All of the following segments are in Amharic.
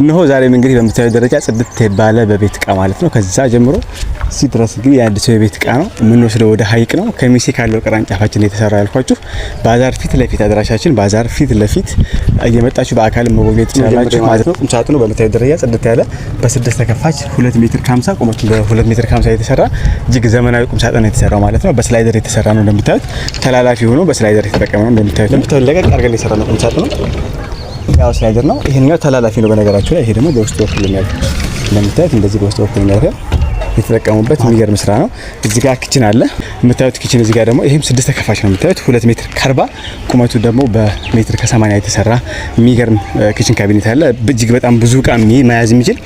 እነሆ ዛሬም እንግዲህ በምታዩት ደረጃ ጽድት ባለ በቤት እቃ ማለት ነው። ከዛ ጀምሮ እዚህ ድረስ እንግዲህ የአንድ ሰው የቤት እቃ ነው የምንወስደው ወደ ሀይቅ ነው። ከሚሴ ካለው ቅርንጫፋችን የተሰራ ያልኳችሁ ባዛር ፊት ለፊት አድራሻችን ባዛር ፊት ለፊት እየመጣችሁ በአካል መጎብኘት ትችላላችሁ ማለት ነው። ቁምሳጥኑ ሳጥኑ ደረጃ ጽድት ያለ በስድስት ተከፋች ሁለት ሜትር ከሀምሳ ቁመቱ በሁለት ሜትር ከሀምሳ የተሰራ እጅግ ዘመናዊ ቁምሳጥን ሳጥን የተሰራው ማለት ነው። በስላይደር የተሰራ ነው እንደምታዩት ተላላፊ ሆኖ በስላይደር የተጠቀመ ነው እንደምታዩት ለቀቅ አድርገን የሰራ ነው ቁምሳጥኑ ያው ስላይደር ነው። ይሄኛው ተላላፊ ነው በነገራችሁ ላይ። ይሄ ደግሞ በውስጥ በኩል የሚያልፍ እንደምታዩት እንደዚህ በውስጥ በኩል የሚያልፍ የተጠቀሙበት የሚገርም ስራ ነው። እዚህ ጋር ኪችን አለ የምታዩት ኪችን። እዚህ ጋር ደግሞ ይሄም ስድስት ተከፋች ነው የምታዩት፣ ሁለት ሜትር ከአርባ ቁመቱ ደግሞ በሜትር ከሰማንያ የተሰራ የሚገርም ኪችን ካቢኔት አለ። እጅግ በጣም ብዙ እቃ መያዝ የሚችል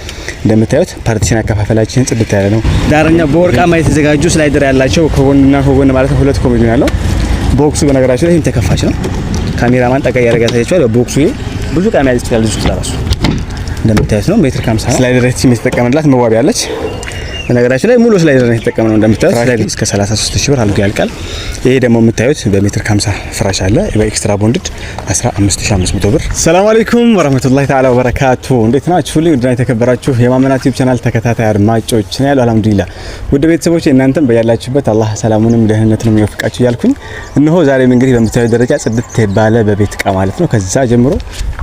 እንደምታዩት ፓርቲሽን አከፋፈላችን ጽድት ያለ ነው። ዳረኛ በወርቃማ የተዘጋጁ ስላይደር ያላቸው ከጎንና ከጎን ማለት ነው ሁለት ኮሚዲን ያለው ቦክሱ በነገራችን ላይ ይህም ተከፋች ነው። ካሜራማን ጠቀ ያደረጋ ታያቸዋል ቦክሱ ብዙ ዕቃ መያዝ ይችላል ልጁ ስለራሱ እንደምታዩት ነው። ሜትር 50 ስላይደር የተጠቀመላት መዋቢያ አለች። በነገራችን ላይ ሙሉ ስላይደር ነው የተጠቀምነው። እንደምታዩት ስላይደር እስከ 33 ሺህ ብር አልጋ ያልቃል። ይሄ ደግሞ የምታዩት በሜትር 50 ፍራሽ አለ። በኤክስትራ ቦንድድ 15500 ብር። ሰላም አለይኩም ወራህመቱላሂ ተዓላ ወበረካቱ። እንዴት ናችሁ? ሁሉ እንደና የተከበራችሁ የማመናት ዩቲዩብ ቻናል ተከታታይ አድማጮች ነው ያለው። አልሐምዱሊላህ ውድ ቤተሰቦች እናንተም በያላችሁበት አላህ ሰላሙንም ደህንነቱንም ይወፍቃችሁ እያልኩኝ እነሆ ዛሬም እንግዲህ በምታዩት ደረጃ ጽድት ባለ በቤት እቃ ማለት ነው ከዛ ጀምሮ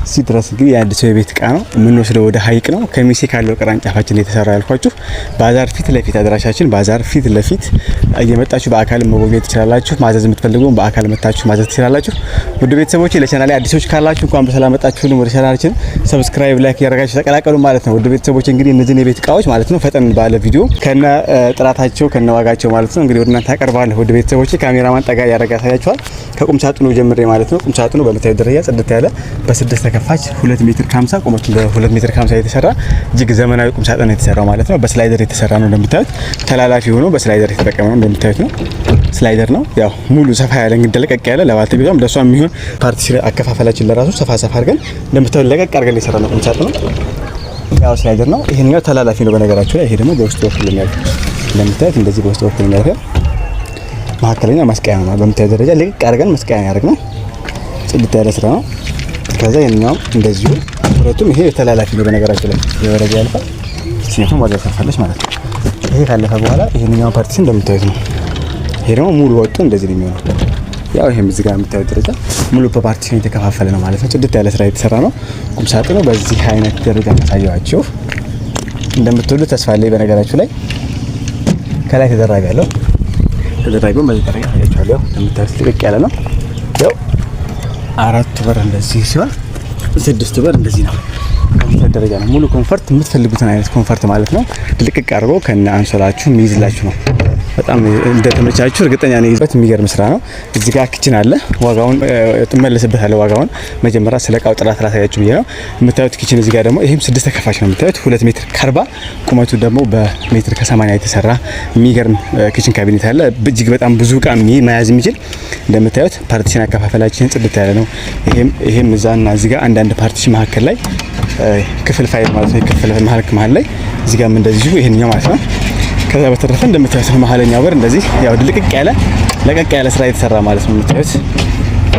እዚህ ድረስ እንግዲህ የአዲስ የቤት እቃ ነው የምንወስደው ወደ ሀይቅ ነው ከሚሴ ካለው ቅራንጫፋችን የተሰራ ያልኳችሁ ባዛር ፊት ለፊት አድራሻችን ባዛር ፊት ለፊት እየመጣችሁ በአካል መጎብኘት ትችላላችሁ። ማዘዝ የምትፈልጉም በአካል መታችሁ ማዘዝ ትችላላችሁ። ውድ ቤተሰቦች ለቻናሌ አዲሶች ካላችሁ እንኳን በሰላም መጣችሁልን። ወደ ቻናላችን ሰብስክራይብ፣ ላይክ እያደረጋችሁ ተቀላቀሉ ማለት ነው። ውድ ቤተሰቦች እንግዲህ እነዚህን የቤት እቃዎች ማለት ነው ፈጠን ባለ ቪዲዮ ከነ ጥራታቸው ከነ ዋጋቸው ማለት ነው እንግዲህ ወደ እናንተ አቀርባለሁ። ውድ ቤተሰቦች ካሜራማን ጠጋ ያደረገ ያሳያችኋል። ከቁም ሳጥኑ ጀምሬ ማለት ነው። ቁም ሳጥኑ በምታዩት ደረጃ ጽድት ያለ በስድስት ተከፋች ሁለት ሜትር ከሀምሳ ቁመቱ በሁለት ሜትር ከሀምሳ የተሰራ እጅግ ዘመናዊ ቁም ሳጥን የተሰራው ማለት ነው በስላይደር የተሰራ ነው እንደምታዩት። ተላላፊ ሆኖ በስላይደር የተጠቀመ ነው እንደምታዩት ነው። ስላይደር ነው ያው ሙሉ ሰፋ ያለ እንግዲህ ለቀቅ ያለ ለባልት ለባለቤቷም ለእሷ የሚሆን ፓርቲ አከፋፈላችን ለራሱ ሰፋ ሰፋ አድርገን እንደምታዩት ለቀቅ አድርገን የሰራ ነው ቁምሳጥ ነው። ያው ስላይደር ነው። ይሄኛው ተላላፊ ነው በነገራችሁ ላይ። ይሄ ደግሞ በውስጥ በኩል የሚያልፍ እንደምታዩት እንደዚህ በውስጥ በኩል የሚያልፍ መካከለኛ መስቀያ ነው። በምታዩት ደረጃ ለቀቅ አድርገን መስቀያ ያደርግ ነው። ጽድት ያለ ስራ ነው። ከዛ የኛውም እንደዚሁ ሁለቱም ይሄ የተላላፊ ነው በነገራችሁ ላይ የወረጃ ያልፋል። ሴቱን ማድረግ ከፈለች ማለት ነው። ይሄ ካለፈ በኋላ ይሄንኛው ፓርቲ እንደምታዩት ነው። ይሄ ደግሞ ሙሉ ወጡ እንደዚህ ነው የሚሆነው። ያው ይሄም እዚህ ጋር የምታዩት ደረጃ ሙሉ በፓርቲሽን የተከፋፈለ ነው ማለት ነው። ጽድት ያለ ስራ የተሰራ ነው። ቁም ሳጥኑ በዚህ አይነት ደረጃ ታሳየዋችሁ። እንደምትወዱ ተስፋ አለኝ። በነገራችሁ ላይ ከላይ ተደራቢ ያለው ተደራቢውን በዚህ ደረጃ ታያችኋለሁ። እንደምታዩት ጥቅቅ ያለ ነው። ያው አራት በር እንደዚህ ሲሆን ስድስት በር እንደዚህ ነው። ኮንፈርት ደረጃ ነው። ሙሉ ኮንፈርት የምትፈልጉትን አይነት ኮንፈርት ማለት ነው። ድልቅቅ አድርጎ ከነ አንሶላችሁ የሚይዝላችሁ ነው። በጣም እንደተመቻችሁ እርግጠኛ ነኝ። በት የሚገርም ስራ ነው። እዚህ ጋር ክችን አለ። ዋጋውን ትመለስበታለህ። ዋጋውን መጀመሪያ ስለ እቃው ጥራት ላሳያችሁ ብዬ ነው። የምታዩት ኪችን እዚህ ጋር ደግሞ ይህም ስድስት ተከፋች ነው የምታዩት። ሁለት ሜትር ከአርባ ቁመቱ ደግሞ በሜትር ከሰማንያ የተሰራ የሚገርም ኪችን ካቢኔት አለ። እጅግ በጣም ብዙ እቃ መያዝ የሚችል እንደምታዩት ፓርቲሽን አከፋፈላችን ጽድት ያለ ነው። ይህም እዛና እዚህ ጋር አንዳንድ ፓርቲሽን መካከል ላይ ክፍል ፋይል ማለት ነው። ክፍል መሀል መሀል ላይ እዚህ ጋርም እንደዚሁ ይሄንኛው ማለት ነው። ከዛ በተረፈ እንደምታዩት ነው መሀለኛው በር እንደዚህ ያው ድልቅቅ ያለ ለቀቅ ያለ ስራ የተሰራ ማለት ነው። የምታዩት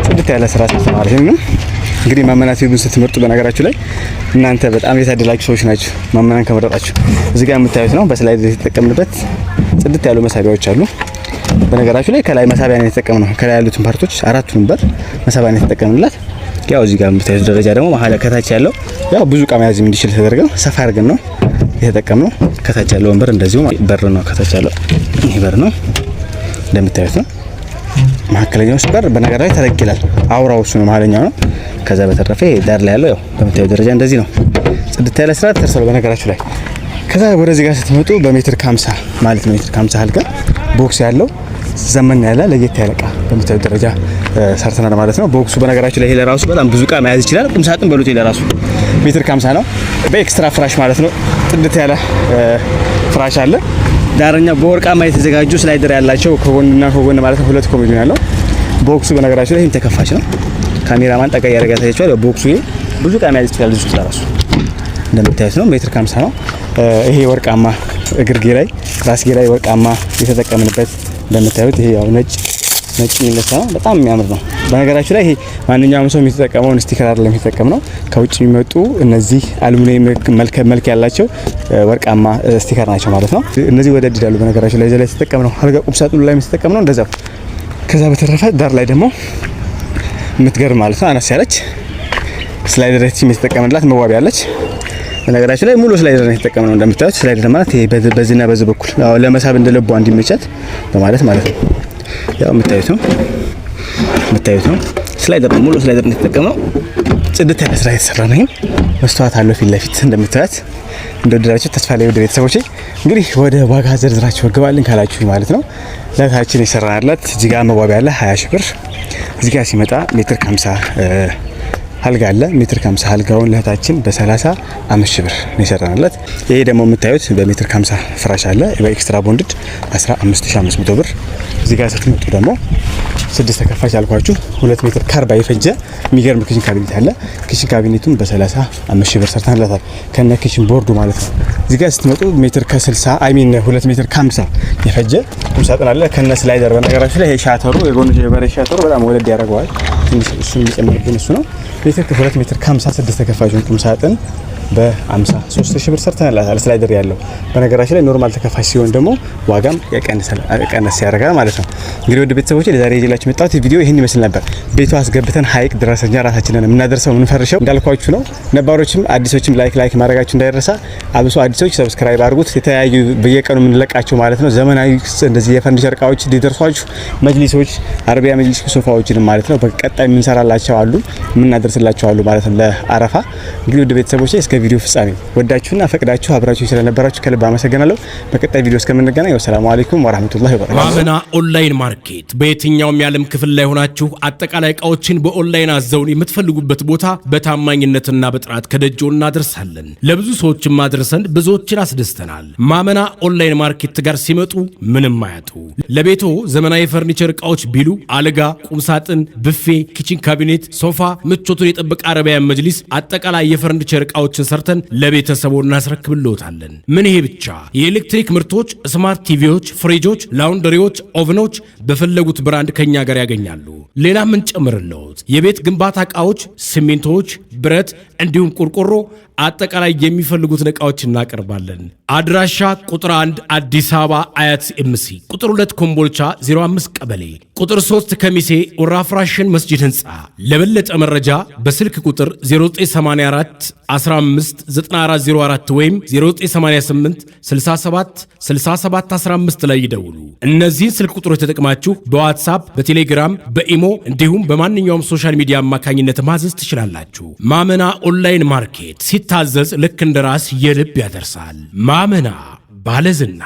ጽድት ያለ ስራ ተሰራ ማለት ነው። እንግዲህ ማመናት ዩብን ስትመርጡ በነገራችሁ ላይ እናንተ በጣም የታደላችሁ ሰዎች ናችሁ። ማመናን ከመረጣችሁ እዚህ ጋር የምታዩት ነው። በስላይድ የተጠቀምንበት ጽድት ያሉ መሳቢያዎች አሉ። በነገራችሁ ላይ ከላይ መሳቢያ ነው የተጠቀምነው። ከላይ ያሉትን ፓርቶች አራቱን በር መሳቢያ ነው የተጠቀምንላት። ያው እዚህ ጋር የምታዩት ደረጃ ደግሞ መሀል ከታች ያለው ያው ብዙ እቃ መያዝ እንዲችል ተደርገው ሰፋ አድርገን ነው የተጠቀምነው። ከታች ያለው ወንበር እንደዚሁ በር ነው። ከታች ያለው ይህ በር ነው እንደምታዩት ነው። መካከለኛው በር በነገር ላይ ተለቅ ይላል። አውራው እሱ ነው፣ መሀለኛው ነው። ከዛ በተረፈ ዳር ላይ ያለው ያው በምታዩት ደረጃ እንደዚህ ነው። ጽድት ያለ ስራ ተሰርሷል በነገራችሁ ላይ። ከዛ ወደዚህ ጋር ስትመጡ በሜትር ከ50 ማለት ነው ሜትር ከ50 አልጋ ቦክስ ያለው ዘመን ያለ ለየት ያለ እቃ በምታዩት ደረጃ ሰርተናል ማለት ነው። ቦክሱ በነገራችን ላይ ይሄ ለራሱ በጣም ብዙ እቃ መያዝ ይችላል። ቁም ሳጥን በሉት ለራሱ ሜትር ከሀምሳ ነው። በኤክስትራ ፍራሽ ማለት ነው። ጥድት ያለ ፍራሽ አለ። ዳረኛ በወርቃማ የተዘጋጁ ስላይደር ያላቸው ከጎንና ከጎን ማለት ነው። ሁለት ኮሚዲ ያለው ቦክሱ በነገራችሁ ላይ ይህም ተከፋች ነው። ካሜራማን ጠቀ እያደረገ ታያችኋል። ቦክሱ ይሄ ብዙ እቃ መያዝ ይችላል። ልጅ ለራሱ እንደምታዩት ነው። ሜትር ከሀምሳ ነው። ይሄ ወርቃማ እግርጌ ላይ ራስጌ ላይ ወርቃማ የተጠቀምንበት እንደምታዩት ይሄ ያው ነጭ ነጭ የሚለካ ነው። በጣም የሚያምር ነው። በነገራችሁ ላይ ይሄ ማንኛውም ሰው የሚጠቀመውን ስቲከር አይደለም የሚጠቀም ነው። ከውጭ የሚመጡ እነዚህ አሉሚኒየም መልክ ያላቸው ወርቃማ ስቲከር ናቸው ማለት ነው። እነዚህ ወደ ይላሉ። በነገራችሁ ላይ ዘላይ ተጠቀም ነው። አልጋ ቁም ሳጥኑ ላይ ተጠቀም ነው እንደዛው። ከዛ በተረፈ ዳር ላይ ደግሞ የምትገርም ማለት ነው አነስ ያለች ስላይደር የተጠቀምንላት መዋቢያ አለች። በነገራችን ላይ ሙሉ ስላይደር ነው የተጠቀምነው። እንደምታዩት ስላይደር ማለት ይሄ በዚህና በዚህ በኩል አዎ ለመሳብ እንደ ልቧ እንዲመቻት በማለት ማለት ነው። ያው የምታዩት ነው የምታዩት ነው ስላይደር ነው፣ ሙሉ ስላይደር ነው የተጠቀምነው። ጽድት ያለ ስራ የተሰራ ነው። መስተዋት አለው ፊት ለፊት እንደምታዩት። እንደወደዳችሁ ተስፋ ላይ ወደ ቤተሰቦች እንግዲህ ወደ ዋጋ ዝርዝራችሁ እገባለን ካላችሁ ማለት ነው። ለታችን የሰራናላት እዚህ ጋር መዋቢያ አለ 20 ሺህ ብር እዚህ ሲመጣ ሜትር 50 አልጋ አለ ሜትር ከ50 አልጋውን ለእህታችን በ35 ሺህ ብር ነው የሰራንለት። ይሄ ደግሞ የምታዩት በሜትር ከ50 ፍራሽ አለ በኤክስትራ ቦንድድ 15500 ብር። እዚህ ጋር ስትመጡ ደግሞ ስድስት ተከፋች አልኳችሁ ሁለት ሜትር ከአርባ የፈጀ የሚገርም ክሽን ካቢኔት አለ። ክሽን ካቢኔቱን በ35 ሺህ ብር ሰርተንላታል ከነ ክሽን ቦርዱ ማለት ነው። እዚህ ጋር ስትመጡ ሜትር ከ60 አይ ሚን ሁለት ሜትር 50 የፈጀ ቁምሳጥን አለ ከነ ስላይደር። በነገራችሁ ላይ ይሄ ሻተሩ የጎን የበሬ ሻተሩ በጣም ወለድ ያደርገዋል። ትንሽ እሱን የሚጨምርብን እሱ ነው ሜትር ከ2 ሜትር ከ56 ተከፋዮችን ቁም ሳጥን በ53 ሺህ ብር ሰርተንላታል። ስላይደር ያለው በነገራችን ላይ ኖርማል ተከፋሽ ሲሆን ደግሞ ዋጋም ቀነስ ያደርጋል ማለት ነው። እንግዲህ ወደ ቤተሰቦች ለዛሬ ይዤላችሁ የመጣሁት ቪዲዮ ይህን ይመስል ነበር። ቤቱ አስገብተን ሀይቅ ድረሰኛ ራሳችንን የምናደርሰው የምንፈርሸው እንዳልኳችሁ ነው። ነባሮችም አዲሶችም ላይክ ላይክ ማድረጋችሁ እንዳይረሳ። አብሶ አዲሶች ሰብስክራይብ አድርጉት። የተለያዩ በየቀኑ የምንለቃቸው ማለት ነው ዘመናዊ እንደዚህ የፈርኒቸር እቃዎች ሊደርሷችሁ፣ መጅሊሶች፣ አረቢያ መጅሊስ ሶፋዎችንም ማለት ነው በቀጣይ የምንሰራላቸው አሉ የምናደርሰው ደርስላችኋሉ ማለት ነው ለአረፋ። እንግዲህ ውድ ቤተሰቦች እስከ ቪዲዮ ፍጻሜ ወዳችሁና ፈቅዳችሁ አብራችሁ ስለነበራችሁ ከልብ አመሰግናለሁ። በቀጣይ ቪዲዮ እስከምንገናኝ ወሰላሙ አለይኩም ወራህመቱላሂ ወበረካቱ። ማመና ኦንላይን ማርኬት በየትኛውም የዓለም ክፍል ላይ ሆናችሁ አጠቃላይ እቃዎችን በኦንላይን አዘውን የምትፈልጉበት ቦታ በታማኝነትና በጥራት ከደጅዎ እናደርሳለን። ለብዙ ሰዎችም ማድረሰን ብዙዎችን አስደስተናል። ማመና ኦንላይን ማርኬት ጋር ሲመጡ ምንም አያጡ። ለቤቶ ዘመናዊ ፈርኒቸር እቃዎች ቢሉ አልጋ፣ ቁምሳጥን፣ ብፌ፣ ኪችን ካቢኔት፣ ሶፋ ምቾት ጥራቱን የጥብቅ አረቢያን መጅሊስ አጠቃላይ የፈርኒቸር እቃዎችን ሰርተን ለቤተሰቡ እናስረክብልዎታለን። ምን ይሄ ብቻ! የኤሌክትሪክ ምርቶች፣ ስማርት ቲቪዎች፣ ፍሪጆች፣ ላውንደሪዎች፣ ኦቨኖች በፈለጉት ብራንድ ከኛ ጋር ያገኛሉ። ሌላ ምን ጨምርለውት የቤት ግንባታ እቃዎች፣ ሲሚንቶዎች፣ ብረት፣ እንዲሁም ቆርቆሮ አጠቃላይ የሚፈልጉትን እቃዎች እናቀርባለን። አድራሻ ቁጥር 1 አዲስ አበባ አያት ኤምሲ፣ ቁጥር 2 ኮምቦልቻ 05 ቀበሌ፣ ቁጥር 3 ከሚሴ ወራፍራሽን መስጂድ ህንፃ። ለበለጠ መረጃ በስልክ ቁጥር 0984 15 9404 ወይም 0988 67 67 15 ላይ ይደውሉ። እነዚህን ስልክ ቁጥሮች ተጠቅማችሁ በዋትሳፕ በቴሌግራም በኢሞ እንዲሁም በማንኛውም ሶሻል ሚዲያ አማካኝነት ማዘዝ ትችላላችሁ። ማመና ኦንላይን ማርኬት ሲታዘዝ ልክ እንደ ራስ የልብ ያደርሳል። ማመና ባለዝና